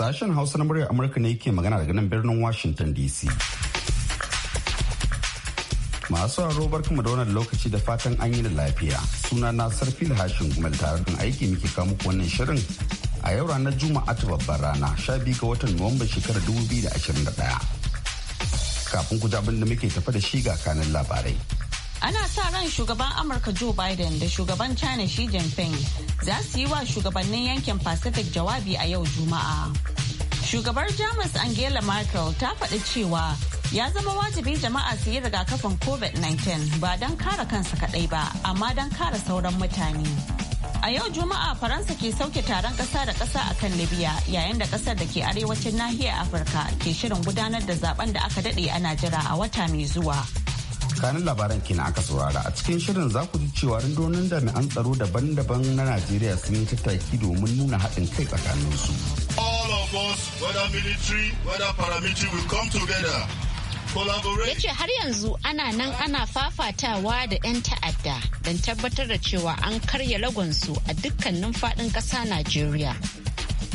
Sashen Hausa na muryar Amurka ne ke magana daga nan birnin Washington DC. Masu robar barkanmu da wannan lokaci da fatan an yi da lafiya. Suna na Sarfi Hashin Gumal tare da aiki muke kawo muku wannan shirin a yau ranar Juma'a ta babbar rana sha biyu ga watan Nuwamba shekarar 2021. Kafin ku abin da muke tafa da shi ga kanin labarai. ana sa ran shugaban amurka joe biden da shugaban china xi jinping za su yi wa shugabannin yankin pacific jawabi a yau juma'a shugabar jamus angela merkel ta faɗi cewa ya zama wajibi jama'a su yi rigakafin covid-19 ba don kare kansa kaɗai ba amma don kare sauran mutane a yau juma'a faransa ke sauke taron ƙasa da ƙasa a kan libya yayin da ƙasar da ke arewacin nahiyar afirka ke shirin gudanar da zaben da aka daɗe ana jira a wata mai zuwa tsakanin labaran kenan aka saurara a cikin shirin za ku ji cewa da mai an tsaro daban-daban na najeriya sun yi tattaki domin nuna haɗin kai tsakanin su. all of us whether military whether paramilitary will come together ya ce har yanzu ana nan ana fafatawa da 'yan ta'adda don tabbatar da cewa an karya lagonsu a dukkanin faɗin ƙasa najeriya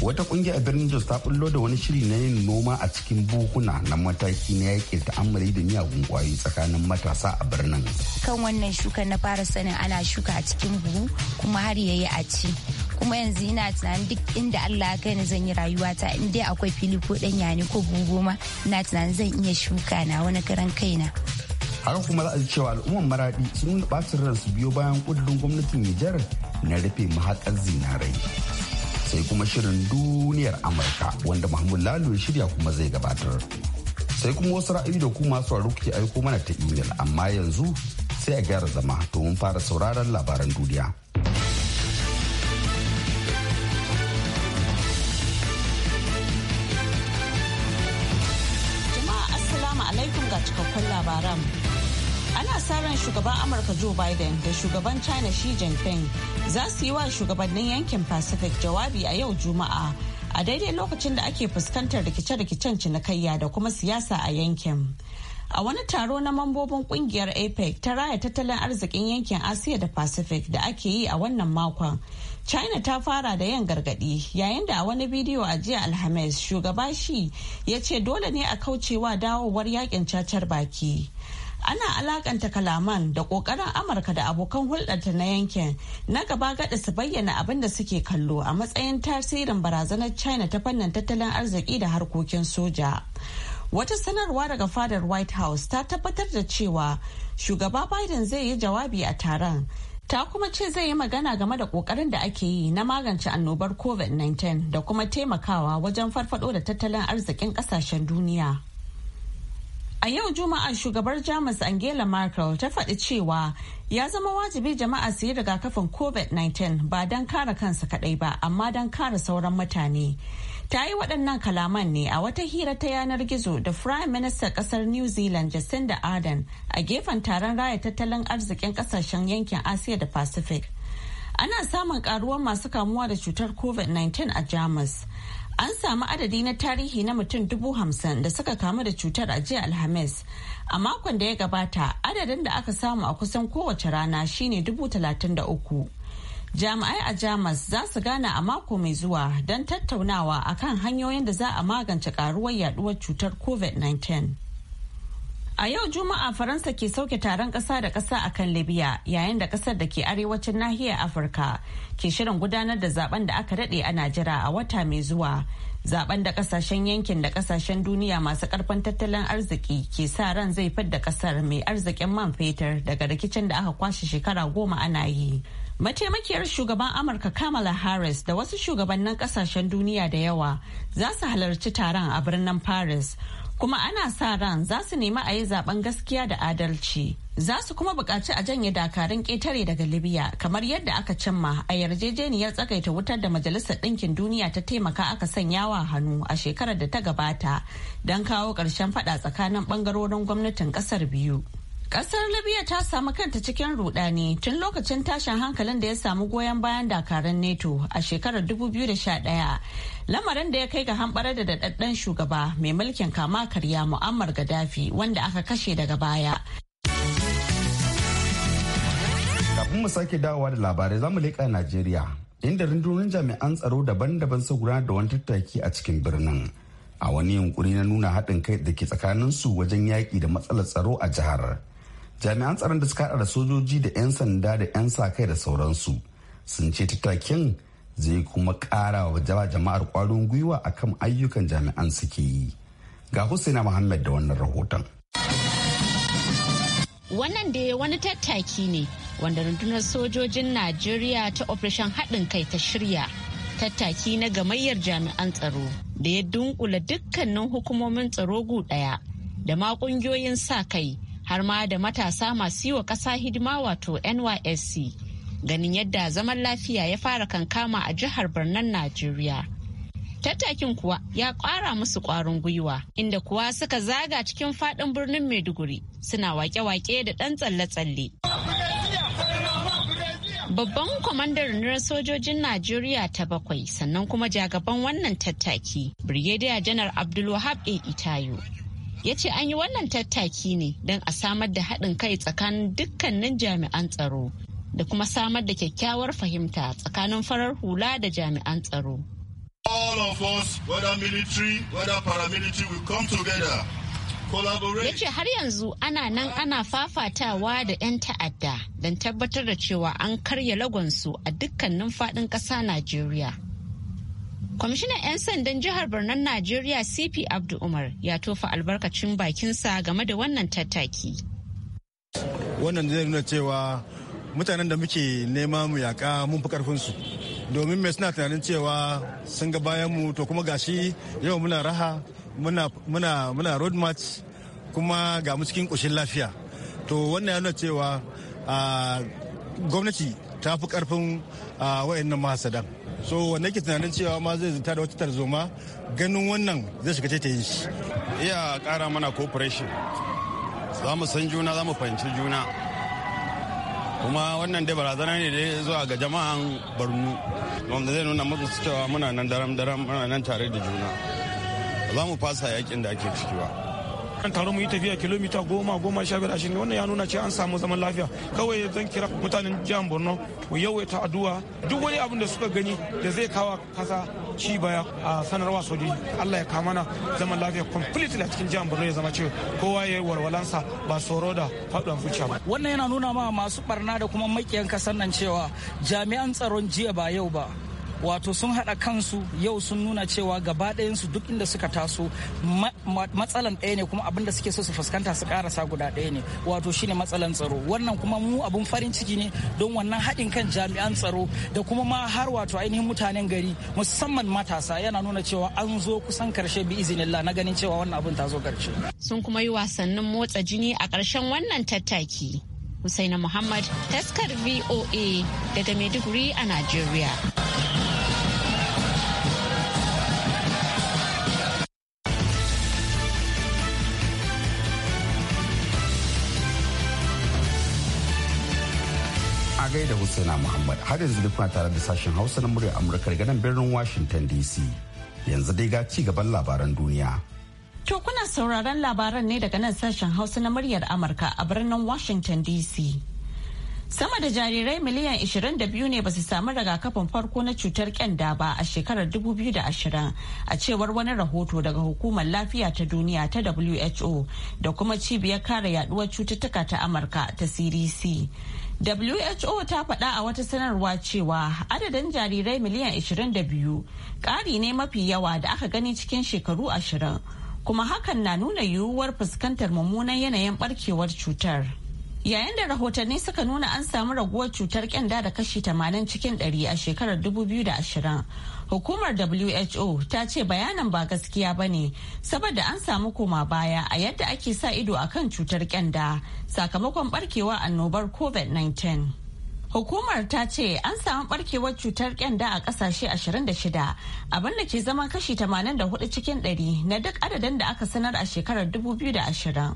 wata kungiya birnin jos ta bullo da wani shiri na yin noma a cikin buhuna na mataki na ta amurai da miyagun kwayoyi tsakanin matasa a birnin kan wannan shuka na fara sanin ana shuka a cikin buhu kuma har ya yi a ci kuma yanzu ina tunanin duk inda Allah ya kai zan yi rayuwata in dai akwai fili ko danya ne ko goma ina tunanin zan iya shuka na wani karan kaina. Haka kuma za a ji cewa al'umman maradi sun bacin ransu biyo bayan kudurin gwamnatin Nijar na rufe mahaƙar zinarai. sai kuma shirin duniyar amurka wanda mahmud lalu ya shirya kuma zai gabatar sai kuma wasu ra'ayi da kuma masu sauraro ke aiko mana ta imel amma yanzu sai a gyara zama domin fara sauraron labaran duniya jama'a assalamu alaikum ga cikakkun labaran ana sa ran shugaban amurka joe biden da shugaban china xi jinping za su yi wa shugabannin yankin pacific jawabi a yau juma'a a daidai lokacin da ake fuskantar rikice-rikicen cinikayya da kuma siyasa a yankin a wani taro na mambobin kungiyar apec ta raya tattalin arzikin yankin asiya da pacific da ake yi a wannan makon china ta fara da yin gargadi yayin da a wani bidiyo a jiya alhamis shugaba shi ya ce dole ne a kaucewa dawowar yakin cacar baki ana alakanta kalaman da kokarin amurka da abokan hulɗarta na yankin na gaba gada su bayyana abin da suke kallo a matsayin tasirin barazanar china ta fannin tattalin arziki da harkokin soja wata sanarwa daga fadar white house ta tabbatar da cewa shugaba biden zai yi jawabi a taron ta kuma ce zai yi magana game da kokarin da ake yi na magance annobar covid-19 da kuma taimakawa wajen farfado da tattalin arzikin kasashen duniya. A yau Juma'a shugabar Jamus Angela Merkel ta faɗi cewa ya zama wajibi jama'a su yi rigakafin COVID-19 ba don kare kansa kaɗai ba amma don kare sauran mutane. Ta yi waɗannan kalaman ne a wata hira ta yanar gizo da Prime Minister ƙasar New Zealand Jacinda Ardern a gefen taron raya tattalin arzikin ƙasashen yankin Asiya da Pacific. ana samun ƙaruwar masu kamuwa da cutar covid-19 a jamus an samu adadi na tarihi na mutum dubu hamsin da suka kamu da cutar a jiya alhamis a makon da ya gabata adadin da aka samu a kusan kowace rana shine dubu talatin da uku jami'ai a jamus za su gana a mako mai zuwa don tattaunawa akan hanyoyin da za a magance karuwar yaduwar cutar covid-19 A yau Juma'a Faransa ke sauke taron ƙasa da ƙasa a kan Libya yayin da ƙasar da ke arewacin nahiyar Afirka ke shirin gudanar da zaben da aka daɗe a Najira a wata mai zuwa. Zaben da ƙasashen yankin da ƙasashen duniya masu ƙarfin tattalin arziki ke sa ran zai fidda ƙasar mai arzikin man fetur daga rikicin da aka kwashe shekara goma ana yi. Mataimakiyar shugaban Amurka Kamala Harris da wasu shugabannin ƙasashen duniya da yawa za su halarci taron a birnin Paris kuma ana sa ran za su nemi a yi zaben gaskiya da adalci za su kuma buƙaci a janye dakarun ƙetare daga libya kamar yadda aka cimma a yarjejeniyar tsagaita wutar da majalisar ɗinkin duniya ta taimaka aka sanya wa hannu a shekarar da ta gabata don kawo ƙarshen faɗa tsakanin ɓangarorin gwamnatin ƙasar biyu Kasar Libya ta samu kanta cikin rudani tun lokacin tashin hankalin da ya samu goyon bayan dakarun NATO a shekarar 2011. Lamarin da ya kai ga hambara da daɗaɗɗen shugaba mai mulkin kama karya Muammar Gaddafi wanda aka kashe daga baya. Kafin mu sake dawowa da labarai zamu leƙa Najeriya inda rundunar jami'an tsaro daban-daban su gudanar da wani tattaki a cikin birnin. A wani yunkuri na nuna haɗin kai da ke tsakanin su wajen yaƙi da matsalar tsaro a jihar. jami'an tsaron da suka da sojoji da 'yan sanda da 'yan sa kai da sauransu sun ce tattakin zai kuma kara wa jama'ar kwarin gwiwa akan ayyukan jami'an suke yi ga Husaina Muhammad da wannan rahoton. Wannan da wani tattaki ne wanda rundunar sojojin Najeriya ta operation haɗin kai ta shirya. Tattaki na gamayyar jami'an tsaro da ya dunkula dukkanin hukumomin tsaro gu ɗaya da ma ƙungiyoyin sa kai har ma da matasa masu yi wa ƙasa hidima wato nysc ganin yadda zaman lafiya ya fara kankama a jihar birnin najeriya tattakin kuwa ya ƙara musu ƙwarin gwiwa inda kuwa suka zaga cikin faɗin birnin maiduguri suna wake-wake da ɗan tsalle-tsalle babban kwamandar rundunar sojojin najeriya ta bakwai sannan kuma jagaban wannan tattaki brigadier janar abdulwahab a itayo ya ce an yi wannan tattaki ne don a samar da haɗin kai tsakanin dukkanin jami'an tsaro da kuma samar da kyakkyawar fahimta tsakanin farar hula da jami'an tsaro. All ya ce har yanzu ana nan ana fafatawa da 'yan ta'adda don tabbatar da cewa an karya lagonsu a dukkanin faɗin ƙasa najeriya Kwamishinan 'yan sandan jihar birnin Najeriya CP Abdu Umar ya tofa albarkacin bakinsa game da wannan tattaki. Wannan zai nuna cewa mutanen da muke nema mu yaƙa mun fi ƙarfinsu. Domin mai suna tunanin cewa sun ga bayan mu to kuma gashi yau muna raha muna muna road march kuma ga mu cikin ƙoshin lafiya. To wannan ya nuna cewa ah, gwamnati ta fi ƙarfin ah, waɗannan mahasadan. so wanda ke tunanin cewa ma zai zata da wata tarzoma ganin wannan zai shiga ta yin shi iya kara mana cooperation za mu san juna za mu fahimci juna kuma wannan dai barazana ne da ya zuwa ga jama'an barnu wanda zai nuna musu cewa muna nan daram daram muna nan tare da juna za mu fasa yakin da ake ciki ba an taron mu yi tafiya kilomita goma goma sha biyar ashirin wannan ya nuna cewa an samu zaman lafiya kawai zan kira mutanen jihar borno mu yawaita addu'a duk wani abin da suka gani da zai kawo kasa ci baya a sanarwa sojoji allah ya kama na zaman lafiya completely a cikin jihar borno ya zama cewa kowa ya yi walwalansa ba tsoro da faɗuwan zuciya ba wannan yana nuna ma masu barna da kuma makiyan kasar nan cewa jami'an tsaron jiya ba yau ba wato sun haɗa kansu yau sun nuna cewa gaba ɗayansu duk inda suka taso matsalan ɗaya ne kuma abinda da suke so su fuskanta su karasa guda ɗaya ne wato shine matsalan tsaro wannan kuma mu abun farin ciki ne don wannan haɗin kan jami'an tsaro da kuma ma har wato ainihin mutanen gari musamman matasa yana nuna cewa an zo kusan karshe bi izinillah na ganin cewa wannan abin ta zo karshe sun kuma yi wasannin motsa jini a karshen wannan tattaki Husaina Muhammad, taskar VOA daga Maiduguri a Najeriya. a gaida hussaina Muhammad har yanzu duk kuna tare da sashen Hausa na muryar Amurka daga nan birnin Washington DC. Yanzu dai ga ci gaban labaran duniya. To kuna sauraron labaran ne daga nan sashen Hausa na muryar Amurka a birnin Washington DC. Sama da jarirai miliyan 22 ne ba su samu rigakafin farko na cutar kyanda ba a shekarar 2020 a cewar wani rahoto daga hukumar lafiya ta duniya ta WHO da kuma cibiyar kare yaduwar cututtuka ta Amurka ta CDC. WHO ta faɗa a wata sanarwa cewa adadin jarirai miliyan 22 ƙari ne mafi yawa da aka gani cikin shekaru ashirin kuma hakan na nuna yiwuwar fuskantar mummunan yanayin barkewar cutar. Yayin da rahotanni suka nuna an samu raguwar cutar kyanda da kashi 80 cikin 100 a shekarar 2020 hukumar who ta ce bayanan ba gaskiya ba ne saboda an samu koma baya a yadda ake sa ido a kan cutar kyanda sakamakon barkewa annobar covid-19 hukumar ta ce an samu barkewar cutar kyanda a kasashe 26 abinda ke zama kashi 84 cikin 100 na duk adadin da aka sanar a shekarar 2020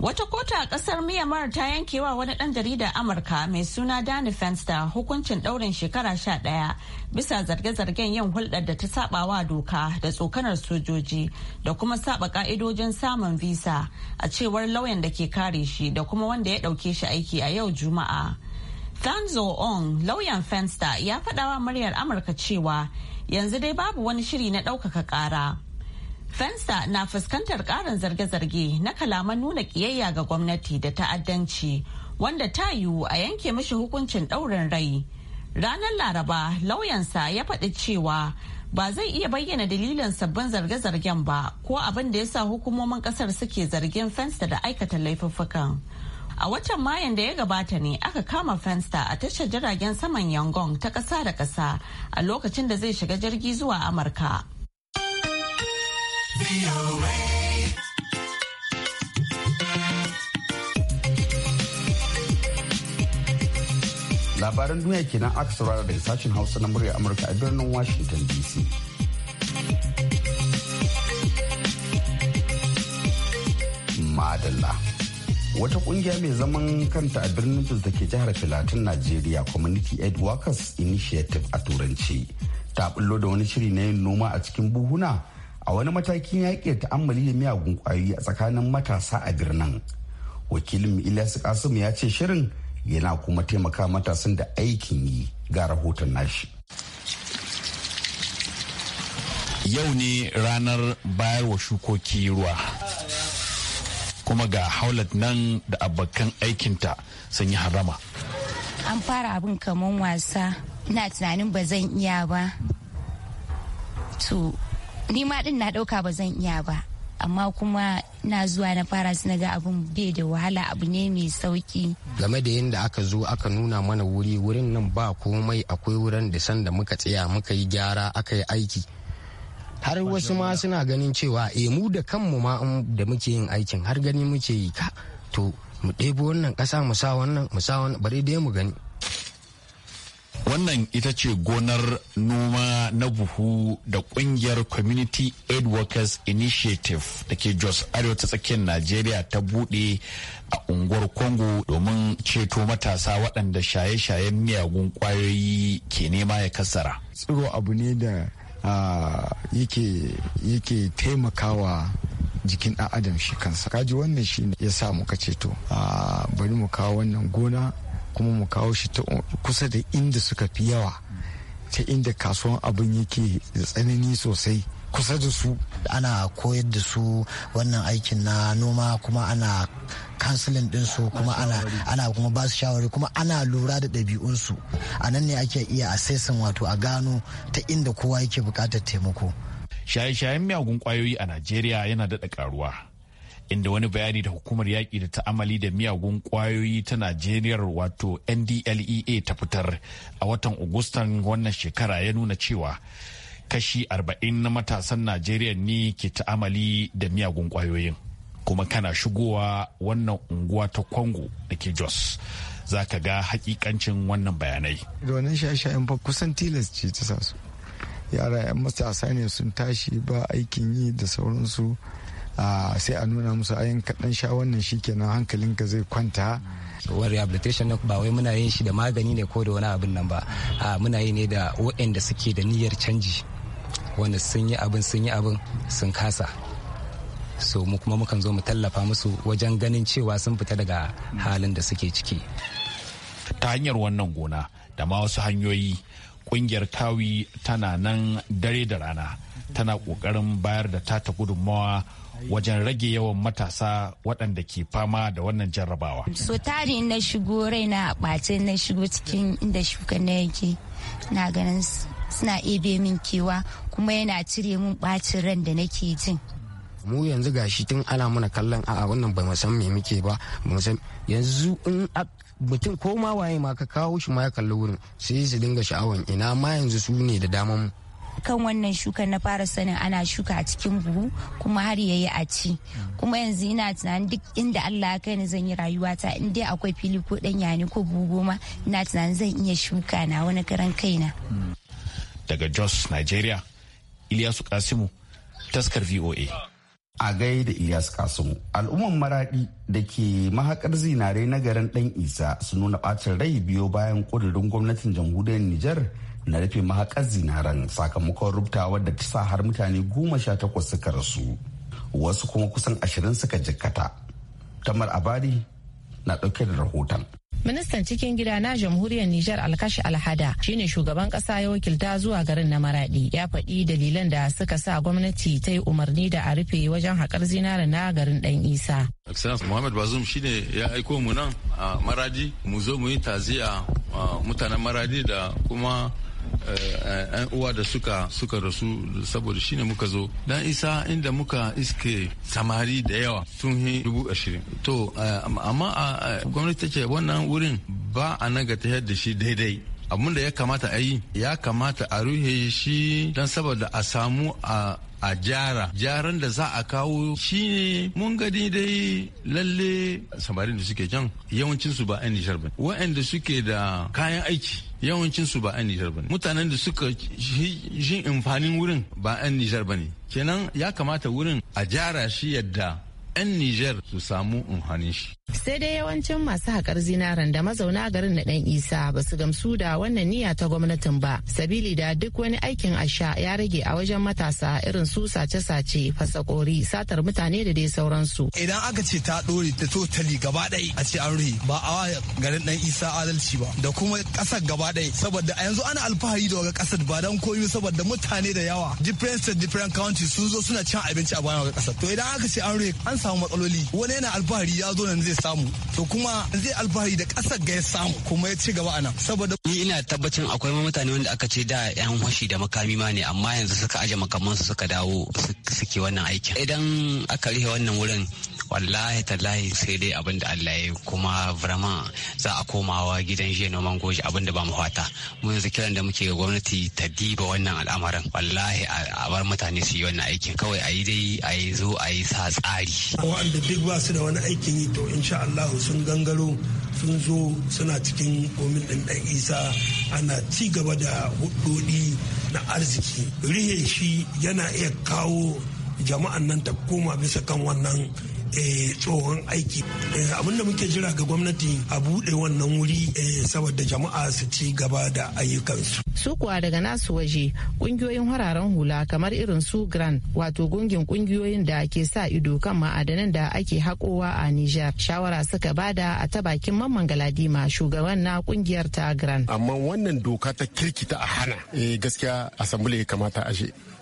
Wata kota a kasar Myanmar ta yankewa wani ɗan jarida Amurka mai suna Danny Fenster hukuncin ɗaurin shekara sha ɗaya bisa zarge-zargen yin hulɗar da ta wa doka da tsokanar sojoji da kuma saba ka'idojin samun visa a cewar lauyan da ke kare shi da kuma wanda ya ɗauke shi aiki a yau Juma'a. Thanzo Ong, lauyan Fenster ya faɗawa muryar Amurka cewa yanzu dai babu wani shiri na ɗaukaka ƙara. Fenster na fuskantar karin zarge-zarge na kalaman nuna ƙiyayya ga gwamnati da ta'addanci wanda ta yiwu a yanke mishi hukuncin ɗaurin rai. Ranar Laraba lauyansa ya faɗi cewa ba zai iya bayyana dalilin sabbin zarge-zargen ba ko abin da ya sa hukumomin ƙasar suke zargin Fenster da aikata laifuffukan. A watan Mayan da ya gabata ne aka kama Fenster a tashar jiragen saman Yangon ta ƙasa da ƙasa a lokacin da zai shiga jirgi zuwa Amurka. Labaran duniya kenan aka saurara daga sashen Hausa na murya Amurka a birnin Washington DC. Madalla. Wata kungiya mai zaman kanta a birnin Jos da ke jihar Filatin Najeriya Community Aid Workers Initiative a Turanci. Ta bullo da wani shiri na yin noma a cikin buhuna a wani matakin ya ke ta'ammali da miyagun kwayoyi a tsakanin matasa a birnin wakilin ilyas kasim ya ce shirin yana kuma taimaka matasan da aikin yi ga rahoton nashi yau ne ranar bayar wa shukoki ruwa kuma ga haulat nan da abokan aikinta sun yi harama an fara abin kamar wasa ina tunanin ba zan iya ba to ni ma din na dauka ba zan iya ba amma kuma na zuwa na fara su ga abin bai da wahala abu ne mai sauki game da yadda aka zo aka nuna mana wuri wurin nan ba komai akwai wurin da san da muka tsaya muka yi gyara aka yi aiki har wasu ma suna ganin cewa eh mu da kanmu ma da muke yin aikin har gani muke yi ka to mu ɗebo wannan ƙasa mu sa wannan mu sa wannan bari dai mu gani wannan ita ce gonar noma na buhu da kungiyar community aid workers initiative da ke jos arewa ta tsakiyar najeriya ta bude a unguwar congo domin ceto matasa waɗanda shaye-shayen miyagun kwayoyi ke nema ya kasara tsiro abu ne da yake taimakawa jikin ɗan adam shi kansa kaji wannan shi ya sa muka ceto bari mu kawo wannan gona kuma mu kawo shi ta kusa da inda suka fi yawa ta inda kasuwan abin yake tsanani sosai kusa da su ana koyar da su wannan aikin na noma kuma ana kansilin ɗinsu kuma ana ana kuma ba su shawari kuma ana lura da ɗabi'unsu a nan ne ake iya assessing wato a gano ta inda kowa yake buƙatar taimako shaye-shayen miyagun kwayoyi a najeriya yana daɗa ƙaruwa inda wani bayani da hukumar yaƙi da ta'amali da miyagun ƙwayoyi ta Najeriya wato NDLEA ta fitar a watan Agustan wannan shekara ya nuna cewa kashi 40 na matasan Najeriya ne ke ta'amali da miyagun ƙwayoyin. Kuma kana shigowa wannan unguwa ta Kwango da ke Jos. Za ka ga hakikancin wannan bayanai. Da wannan shaye tilas ce ta sasu Yara 'yan matasa ne sun tashi ba aikin yi da sauransu. sai a nuna musu ayin kaɗan sha wannan shi hankalin hankalinka zai kwanta wani rehabilitation ba wai muna yin shi da magani ne ko da wani abin nan ba muna yi ne da waɗanda suke da niyyar canji wanda sun yi abin sun yi abin sun kasa so mu kuma mukan zo mu tallafa musu wajen ganin cewa sun fita daga halin da suke ciki ta hanyar wannan gona da ma wasu hanyoyi kungiyar kawi tana nan dare da rana tana kokarin bayar da tata gudunmawa wajen rage yawan matasa waɗanda ke fama da wannan jarrabawa. so na shigo raina a ɓace na shigo cikin inda shuka na yake na ganin suna ebe min kewa kuma yana cire min ɓacin ran da nake jin mu yanzu gashi tun ana mana kallon a wannan ba san me muke ba san yanzu in mutum ko ma waye ma ka kawo shi ma ya kalli wurin sai su dinga sha'awan ina ma yanzu su ne da dama mu kan wannan shukan na fara sanin ana shuka a cikin buhu kuma har ya yi a ci kuma yanzu ina tunanin duk inda Allah ya kai zan yi rayuwata in dai akwai fili ko danya ko buhu goma ina tunanin zan iya shuka na wani karan kaina daga Jos Nigeria Ilyasu Kasimu taskar VOA a gaida Ilyas kasimu Al'umman maraɗi da ke mahakar zinare na garin dan Isa su nuna ɓacin rai biyo bayan ƙudurin gwamnatin jamhuriyar niger. na rufe mahakar zinaren sakamakon rubuta wadda ta sa har mutane goma sha takwas suka rasu wasu kuma kusan ashirin suka jikkata tamar abari na ɗauke da rahoton ministan cikin gida na jamhuriyar Nijar alkashi alhada shine shugaban kasa ya wakilta zuwa garin na maradi ya faɗi dalilan da suka sa gwamnati ta yi umarni da a rufe wajen haƙar zinari na garin ɗan isa excellence muhammad bazum shine ya aiko mu nan a maradi mu zo mu yi taziya mutanen maradi da kuma 'yan eh, eh, uwa da suka suka rasu saboda shine muka zo dan isa inda muka iske samari da yawa sun hi dubu ashirin to eh, amma gwamnati ta ce wannan wurin ba a naga ta da shi daidai abun da ya kamata a yi ya kamata a ruhe shi don saboda a samu a a jara jaran da za a kawo shine mun gani dai lalle samarin da suke can yawancinsu ba a nijar ba waɗanda suke da kayan aiki yawancin su ba a Nijar bane mutanen da suka shi amfanin wurin ba 'yan Nijar ne. kenan ya kamata wurin a jara shi yadda 'yan Nijar su samu unhanin shi. Sai dai yawancin masu haƙar zinaren da mazauna garin na ɗan Isa ba su gamsu da wannan niyya ta gwamnatin ba. Sabili da duk wani aikin asha ya rage a wajen matasa irin su sace-sace, fasakori, satar mutane da dai sauransu. Idan aka ce ta ɗore ta totali gaba ɗaya a ce an rufe ba a garin ɗan Isa adalci ba da kuma ƙasar gaba ɗaya saboda a yanzu ana alfahari da waga ƙasar ba don koyo saboda mutane da yawa different state different countries sun zo suna cin abinci a bayan waga ƙasar. To idan aka ce an rufe an samu matsaloli wani yana alfahari ya zo nan zai samu to kuma zai alfahari da ƙasar ga ya samu kuma ya ci gaba a saboda ni ina tabbacin akwai mutane wanda aka ce da yan haushi da makami ma ne amma yanzu suka aje makamansu suka dawo suke wannan aikin idan aka rihe wannan wurin wallahi tallahi sai dai abin da Allah ya kuma vraiment za a komawa gidan jiya noman goji abin da ba mu fata mun yanzu kiran da muke gwamnati ta diba wannan al'amarin wallahi a bar mutane su yi wannan aikin kawai a yi dai a yi zo a yi sa tsari waɗanda duk ba su da wani aikin yi to insha Allah sun gangaro sun zo suna cikin komin ɗin ɗan isa ana ci gaba da hudodi na arziki rihe shi yana iya kawo jama'an nan ta koma bisa kan wannan Eh, tsohon aiki eh, abinda muke jira ga gwamnati a bude wannan wuri eh, saboda jama'a su ci gaba da ayyukansu su kuwa daga nasu waje kungiyoyin hararen hula kamar irin su grand wato gungin kungiyoyin da ke sa ido kan ma'adanan da ake haƙowa a niger shawara suka bada a ta bakin mamman galadima shugaban na kungiyar ta grand. amma wannan doka ta kirkita a hana gaskiya asambule kamata a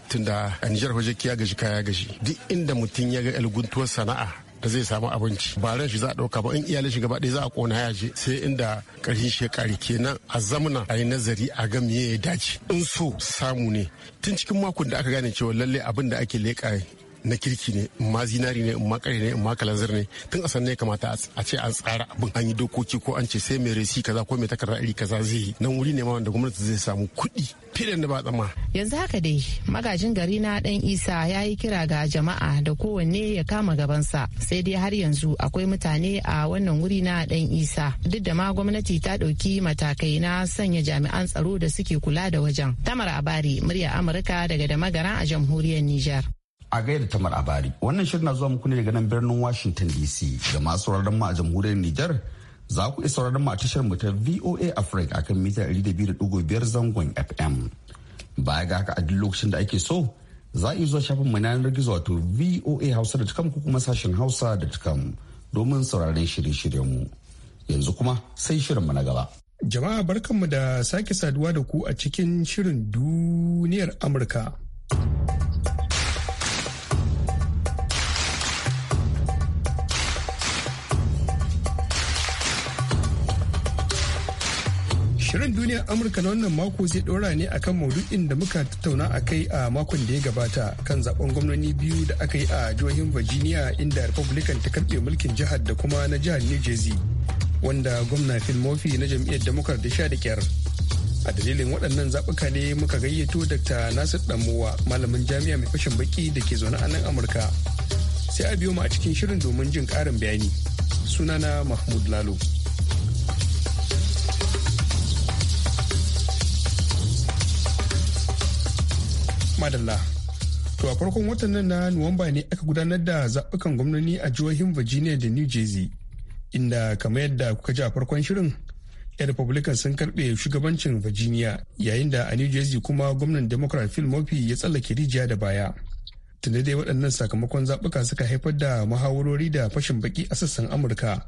tunda a Nijar waje ya gaji kaya gaji duk inda mutum ya ga guntuwar sana'a da zai samu abinci ba ran shi za a ɗauka ba in iyalin shi gaba za a kona ya je sai inda ƙarshen shekari kenan a zamana a yi nazari a ga meye ya dace in so samu ne tun cikin makon da aka gane cewa lalle abin da ake leƙa na kirki ne ma zinari ne ma kare ne in ma kalanzir ne tun a sannan ya kamata a ce an tsara abin an yi dokoki ko an ce sai mai resi kaza ko mai takarda iri kaza zai yi nan wuri ne ma wanda gwamnati zai samu kuɗi filin da ba tsama. yanzu haka dai magajin gari na dan isa ya yi kira ga jama'a da kowanne ya kama gabansa sai dai har yanzu akwai mutane a wannan wuri na dan isa duk da ma gwamnati ta ɗauki matakai na sanya jami'an tsaro da suke kula da wajen tamar abari murya amurka daga da magara a jamhuriyar nijar. a gaida tamar abari wannan shirin na zuwa muku ne daga nan birnin washington dc ga masu sauraron mu a jamhuriyar nijar za ku isa sauraron mu a tashar mu ta voa africa akan mita da biyar zangon fm baya ga haka a duk lokacin da ake so za a zuwa shafin mu na yanar gizo wato voa hausa da ko kuma sashen hausa da domin sauraron shirye-shiryen mu yanzu kuma sai shirin mu na gaba jama'a barkanmu da sake saduwa da ku a cikin shirin duniyar amurka Shirin duniyar Amurka na wannan mako zai ɗora ne akan maudu'in da muka tattauna a kai a makon da ya gabata kan zaben gwamnoni biyu da aka yi a jihohin Virginia inda Republican ta karɓe mulkin jihar da kuma na jihar New Jersey wanda gwamna Phil Murphy na jam'iyyar Democrat da sha da kyar. A dalilin waɗannan zaɓuka ne muka gayyato Dr. Nasir Damuwa malamin jami'a mai fashin baki da ke zaune a nan Amurka. Sai a biyo mu a cikin shirin domin jin ƙarin bayani. Sunana Mahmud Lalo. madalla to a farkon watan nan na nuwamba ne aka gudanar da zaɓukan gwamnoni a jihohin virginia da new jersey inda kamar yadda kuka ji a farkon shirin 'yan republican sun karɓe shugabancin virginia yayin da a new jersey kuma gwamnan democrat phil murphy ya tsallake rijiya da baya tunda dai waɗannan sakamakon zaɓuka suka haifar da muhawarori da fashin baki a sassan amurka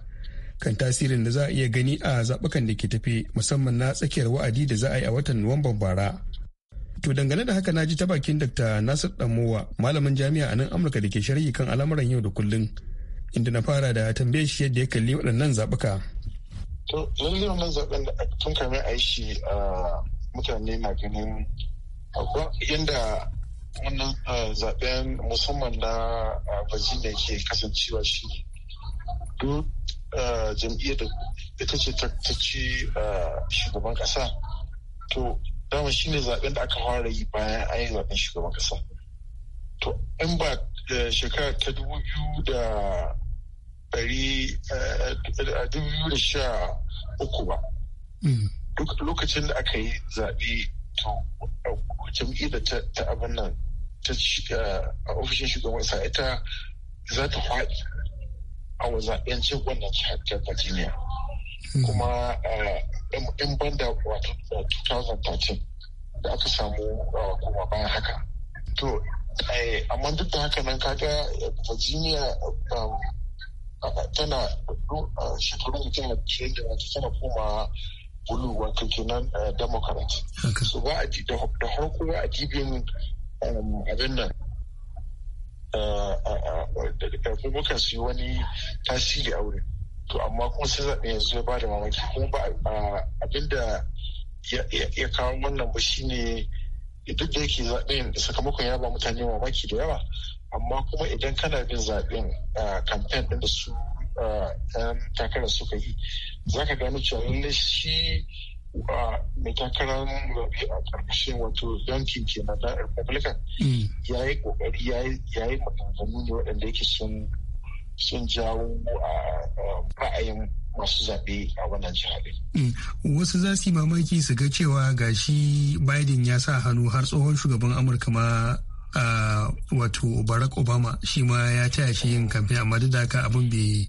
kan tasirin da za a iya gani a zaɓukan da ke tafe musamman na tsakiyar wa'adi da za a yi a watan nuwamban bara To dangane da haka na ji ta bakin Dr. Nasir Damowa, malamin jami'a a nan Amurka da ke sharhi kan al'amuran yau da kullun, inda na fara da tambaye shi yadda ya kalli waɗannan zaɓuka. To lallai wannan zaɓen da tun kamar a yi shi mutane na ganin yadda wannan zaɓen musamman na Virginia ke kasancewa shi duk jam'iyyar da ita ce ta ci shugaban ƙasa. To dama shine zaben da aka fara yi bayan an yi zaben shugaban kasa to in ba eh, shekara ta dubu biyu da ɗari eh, eh, dubu biyu da sha uku ba mm. duk lokacin da aka yi zaɓe to jam'iyyar da ta abin nan ta ofishin shugaban kasa ita za ta faɗi a zaɓen cin wannan jihar Virginia. kuma in banda wato 2013 da aka samu kuma bayan haka to amma duk da haka nan kaga virginia tana shekaru da tana cikin da wata tana koma bulu wata kenan democrat so ba a da harko ba a jibin abin nan da kuma muka wani tasiri a wurin to amma kuma sai zaɓe yanzu ya da mamaki kuma ba abinda ya kawo wannan ba shine duk da yake zaɓen sakamakon ya ba mutane mamaki da yawa amma kuma idan kana bin zaɓen kamfen ɗin da su ɗan takarar suka yi za ka gano cewa lallai shi mai takarar zaɓe a ƙarƙashin wato yankin ke na republican mm. ya yi ƙoƙari ya yi maganganu ne waɗanda yake sun sun jawo a ah, ah, ra'ayin masu zaɓe a wannan jihar. Hmm. Wasu za su yi mamaki su ga cewa gashi Biden ya sa hannu har tsohon shugaban Amurka ma ah, wato barack obama shi ma ya taya shi yin kamfe amma duk da haka abin bai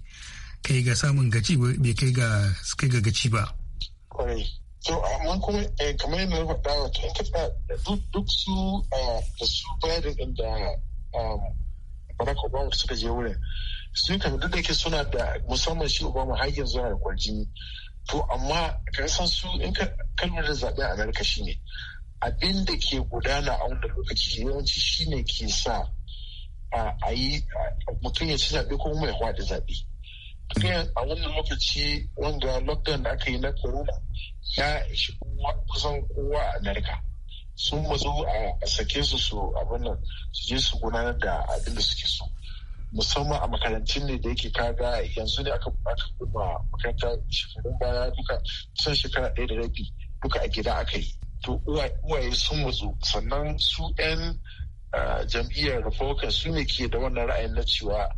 kai ga samun gaci bai kai ga kai ga gaci ba to amma kuma eh, kamar yadda na faɗa wato in ka duk su da su bayan da barack obama suka je wurin sun ka duk da ke suna da musamman shi obama har yanzu na da kwarjini to amma ka san su in ka kalmar da zaɓe a amerika shine abin da ke gudana a wanda lokaci yawanci shine ke sa a yi mutum ya ci zaɓe ko kuma ya da zaɓe a wannan lokaci wanda lockdown da aka yi na corona ya kusan kowa a narka sun mazo a sake su su abin nan su je su gudanar da abin da suke so musamman a makarantun ne da yake kaga yanzu ne aka kuma makaranta shekarun baya duka sun shekara ɗaya da rabi duka a gida aka yi to uwaye sun mutsu sannan su 'yan jam'iyyar republican su ne ke da wannan ra'ayin na cewa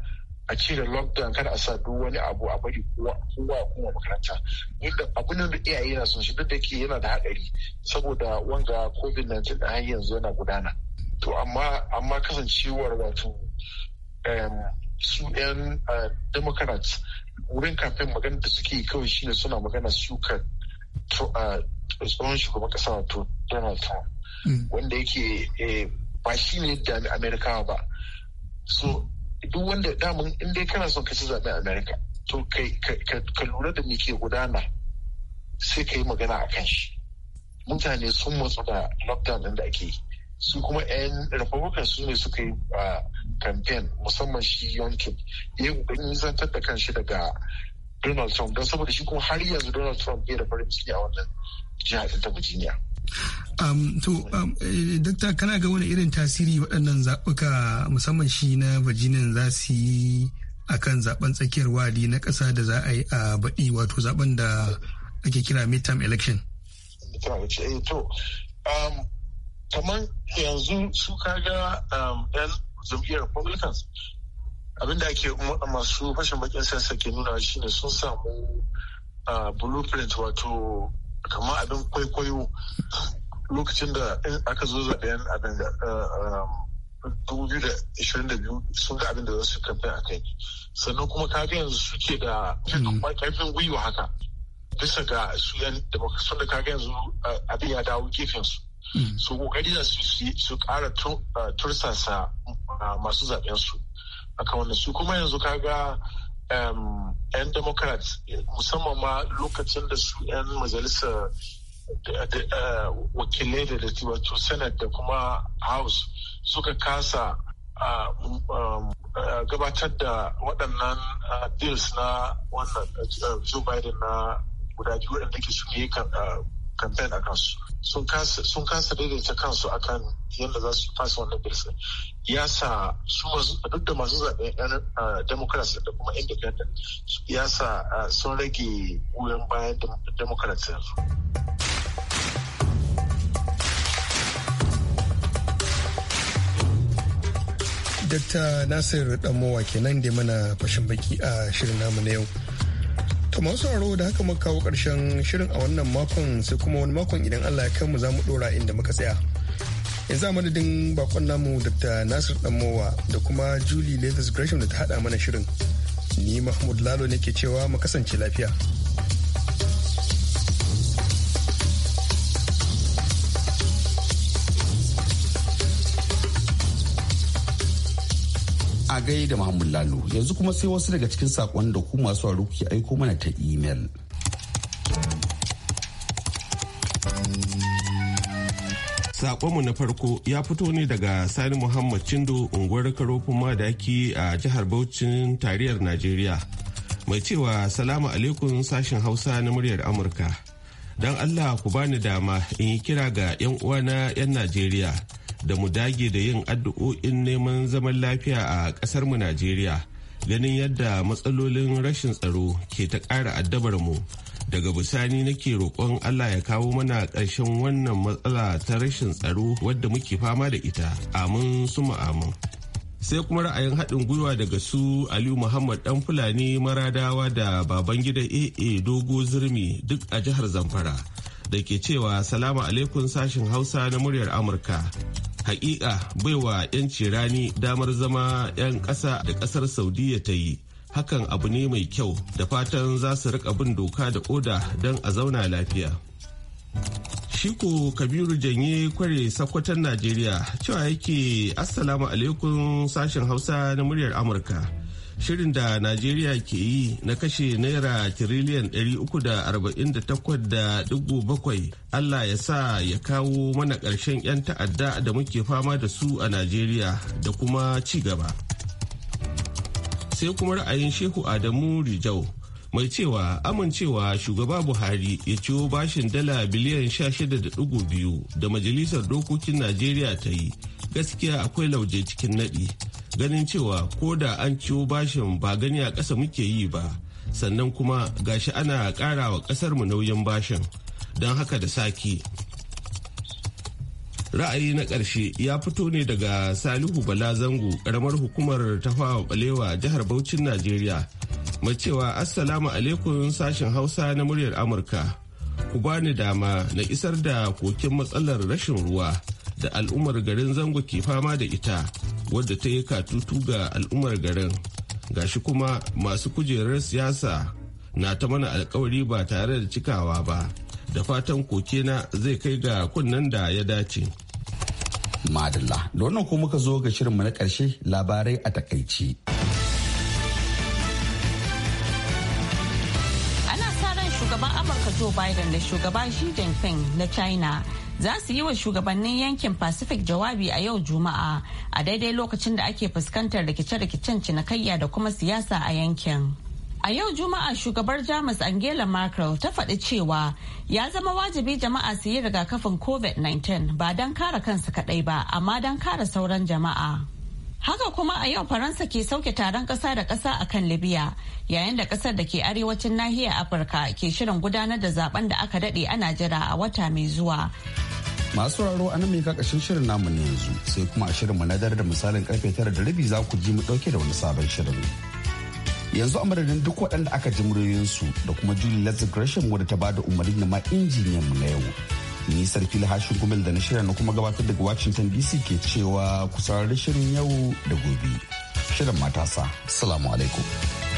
a cire lockdown kada a sa duk wani abu a bari kowa kuma makaranta abu ne da iyaye na sun shi duk da ke yana da haɗari saboda wanga covid-19 a yanzu yana gudana to amma kasancewar wato Um, su 'yan uh, democrats wurin kafin magana da suke kawai shine suna magana suka uh, tsohon shugaban kasa wato donald trump hmm. wanda yake eh, ba shi ne da amerikawa ba so duk wanda damun in kana son ka ci zaɓen amerika to ka lura da me ke gudana sai ka yi magana a kan shi mutane sun matsu da lockdown da ake yi su kuma 'yan republican su ne suka yi kamfen musamman shi yankin ya yi kokarin zantar da kanshi daga donald trump don saboda shi kuma har yanzu donald trump bai da farin ciki a wannan jihar ta virginia Um, to, um, eh, Dokta, kana ga wani irin tasiri waɗannan zaɓuka musamman shi na Virginia za su yi a kan zaɓen tsakiyar wadi na ƙasa da za a yi a baɗi wato zaɓen da ake kira midterm election? Eh, to, um, kamar yanzu su kaga um, yan jam'iyyar republicans abinda ake masu fashin bakin siyasa ke nuna shine sun samu blueprint wato kamar abin kwaikwayo lokacin da aka zo zaɓen abin da 2022 um, sun ga abin da za su kamfe a kai sannan kuma kaga yanzu suke da karfin hmm. gwiwa haka bisa ga su yan da kaga yanzu abin ya dawo gefensu Mm. su kokari da su su kara uh, tursasa uh, masu zaben su akan wannan su kuma yanzu kaga um, yan democrats musamman ma lokacin da su yan majalisar uh, wakilai da wato senate da kuma house suka kasa um, gabatar da waɗannan bills na wannan joe biden na guda biyu waɗanda ke su ne campaign a kansu sun kasa daidaita kansu akan yadda za su fasa wannan birsa ya sa su duk da masu zaɓe yan democrats da kuma independent ya sa sun rage goyon bayan democrats yanzu Dr. Nasir Damowa kenan da mana fashin baki a shirin namu na yau. To masu sauraro da haka muka kawo ƙarshen shirin a wannan makon sai kuma wani makon idan Allah ya kaimu za mu ɗora inda muka tsaya. Yanzu a madadin bakon namu Dr. Nasir Danmowa da kuma Julie Lathis Gresham da ta hada mana shirin. Ni Mahmud Lalo ne ke cewa mu kasance lafiya. a gai da Lalo yanzu kuma sai wasu daga cikin sakon da ku masu aro ke aiko mana ta imel. Sakonmu na farko ya fito ne daga Sani Muhammad Chindo unguwar Karofin Madaki a jihar Bauchin tariyar Najeriya. Mai cewa salamu alaikum sashen Hausa na muryar Amurka. Don Allah ku bani dama in yi kira ga 'yan uwana 'yan Najeriya. da mu dage da yin addu'o'in neman zaman lafiya a ƙasar mu Najeriya ganin yadda matsalolin rashin tsaro ke ta ƙara addabar mu daga bisani nake roƙon Allah ya kawo mana ƙarshen wannan matsala ta rashin tsaro wadda muke fama da ita amin suma amin sai kuma ra'ayin haɗin gwiwa daga su aliyu muhammad ɗan fulani maradawa da baban gidan aa dogo zurmi duk a jihar zamfara da ke cewa salamu alaikum sashin hausa na muryar amurka hakika baiwa 'yan rani damar zama 'yan ƙasa da ƙasar saudiya ta yi hakan abu ne mai kyau da fatan za su rika bin doka da oda don a zauna lafiya shiko kabiru janye kware sakwatan najeriya cewa yake assalamu alaikum sashen hausa na muryar amurka shirin da najeriya ke yi na kashe naira tiriliyan 348.7 allah ya sa ya kawo mana ƙarshen 'yan ta'adda da muke fama da su a najeriya da kuma ci gaba sai kuma ra'ayin shehu adamu rijau mai cewa amincewa shugaba buhari ya ciwo bashin dala biliyan 16.2 da majalisar dokokin najeriya ta yi gaskiya akwai lauje cikin naɗi ganin cewa ko da an ciwo bashin ba gani a ƙasa muke yi ba sannan kuma gashi ana ƙara wa ƙasar mu nauyin bashin don haka da saki ra'ayi na ƙarshe ya fito ne daga salihu bala zango ƙaramar hukumar tafawa balewa jihar Bauchin najeriya mai cewa assalamu alaikum sashen hausa na muryar amurka ku bani dama na isar da kokin matsalar rashin ruwa da al'ummar garin zango ke fama da ita wadda ta yi katutu ga al'ummar garin gashi kuma masu kujerar siyasa na ta mana alkawari ba tare da cikawa ba da fatan kokena zai kai ga kunnen da ya dace madalla da wannan ko muka zo ga shirinmu na karshe labarai a takaici ana sa ran shugaban amurka joe biden da shugaban xi jinping na china za su yi wa shugabannin yankin pacific jawabi a yau juma'a a daidai lokacin da ake fuskantar rikice-rikicen cinikayya da kuma siyasa a yankin a yau juma'a shugabar jamus angela merkel ta faɗi cewa ya zama wajibi jama'a su yi rigakafin covid-19 ba don kare kansu kaɗai ba amma don kare sauran jama'a. Haka kuma a yau Faransa ke sauke taron ƙasa da ƙasa a kan Libya yayin da ƙasar da ke arewacin nahiyar Afirka ke shirin gudanar da zaben da aka daɗe ana jira a wata mai zuwa. Masu raro a nan mai kakashin shirin namu ne yanzu sai kuma a shirin na da misalin karfe tara da rabi za ku ji mu ɗauke da wani sabon shirin. Yanzu a madadin duk waɗanda aka ji muryoyinsu da kuma Julie Lazzar Gresham wadda ta bada umarni na ma injiniyan mu na yau. ni Sarki hashin gumel da na shirya na kuma gabatar daga washington dc ke cewa kusurar shirin yau da gobe shirin matasa salamu alaikum